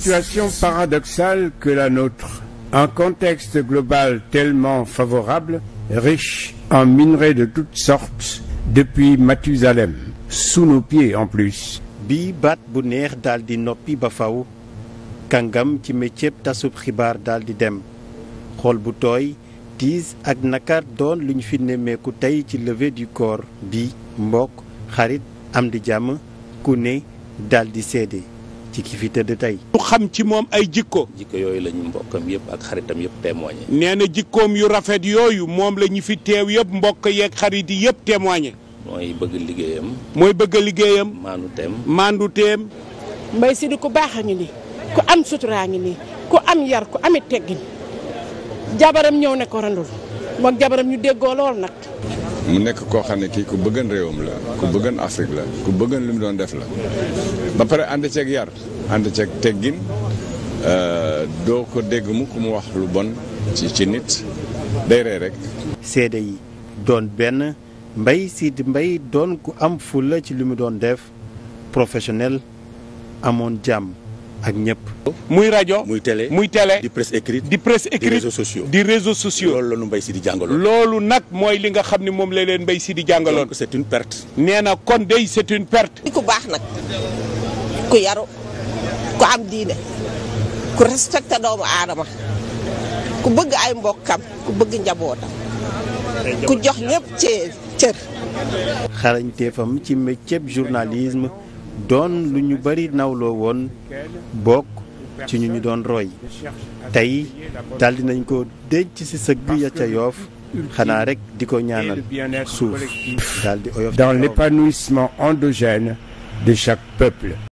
Situation paradoxale que la nôtre. Un contexte global tellement favorable, riche en minerais de toutes sortes, depuis Mathusalem, sous nos pieds en plus. bi baat bu neex daal di noppi ba faw kàngam ci métier tasub xibaar daal di dem xool bu tooy tiis ak nakar doon lu ñu fi nemmeeku tey ci levée du corps bi mbokk xarit am di jàmm ku ne daal di seede ci ki fi tëdd tey. ñu xam ci moom ay jikko. jikko yooyu la ñu mbokkam yëpp ak xaritam yëpp témoigné. nee na jikkoom yu rafet yooyu moom la ñu fi teew yëpp mbokk yeek xarit yi yëpp témoigné. mooy bëgg liggéeyam. mooy bëgg liggéeyam. maandu teem maandu teem. mbay si di ku baax a ngi nii ku am suturaa ngi nii ku am yar ku amit teggin jabaram ñëw ne ko randul moom jabaram ñu déggoo lool nag. mu nekk koo xam ne kii ku bëggan réewam la ku bëggan Afrique la ku bëggan lu mu doon def la ba pare ànd ceeg yar ànd ceeg teggin euh, doo ko dégg mu ku mu wax lu bon ci nit day rey rek seede yi doon benn mbay Sidi mbay doon ku am fulla ci li mu doon def professionnel amoon jàmm ak ñëpp. muy rajo muy télé muy télé. di presse écrite di presse écrite di réseaux sociaux. di réseaux sociaux loolu la ñu Mbaye jàngaloon. loolu nag mooy li nga xam ni moom la leen Mbaye Sidi jàngaloon. donc c'est une perte. nee na kon day set une perte. ku baax nag ku yaru ku am diine ku respecté doomu aadama ku bëgg ay mbokkam ku bëgg njabootam ku jox ñëpp cee cër. xarañteefam ci métier journalisme. doon lu ñu bari nawloo woon bokk ci ñu ñu doon roy tey daldi nañ ko denc ci sëgg ya ca yoof xanaa rek di ko ñaanal suuf daldi oyof dans l'épanouissement endogène de chaque peuple